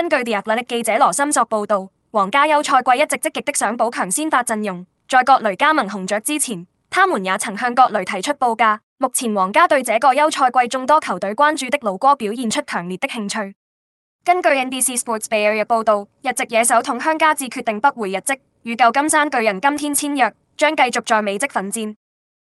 根據《The Athletic》記者羅森索報道，皇家休賽季一直積極的想補強先發陣容，在國雷加盟紅雀之前，他們也曾向國雷提出報價。目前，皇家對這個休賽季眾多球隊關注的老哥表現出強烈的興趣。根據 NBC Sports 報道，日籍野手筒香嘉智決定不回日職，與舊金山巨人今天簽約，將繼續在美職奮戰。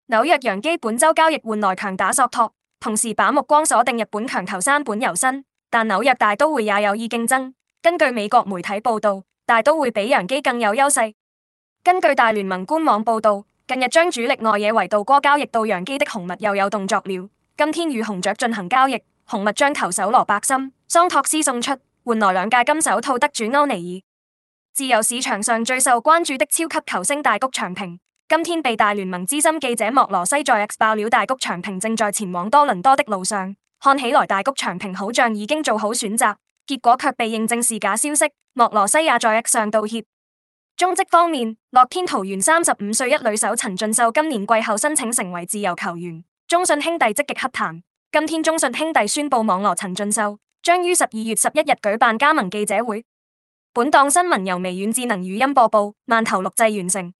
紐約洋基本周交易換來強打索托，同時把目光鎖定日本強投山本由伸。但紐約大都會也有意競爭。根據美國媒體報道，大都會比楊基更有優勢。根據大聯盟官網報道，近日將主力外野維度哥交易到楊基的紅襪又有動作了。今天與紅雀進行交易，紅襪將投手羅伯森、桑托斯送出，換來兩屆金手套得主歐尼爾。自由市場上最受關注的超級球星大谷翔平，今天被大聯盟資深記者莫羅西在 X 爆料，大谷翔平正在前往多倫多的路上。看起來大谷翔平好像已經做好選擇，結果卻被認證是假消息。莫羅西也在 X 上道歉。中職方面，樂天桃園三十五歲一壘手陳俊秀今年季後申請成為自由球員，中信兄弟積極洽談。今天中信兄弟宣布網羅陳俊秀，將於十二月十一日舉辦加盟記者會。本檔新聞由微軟智能語音播報，曼頭錄製完成。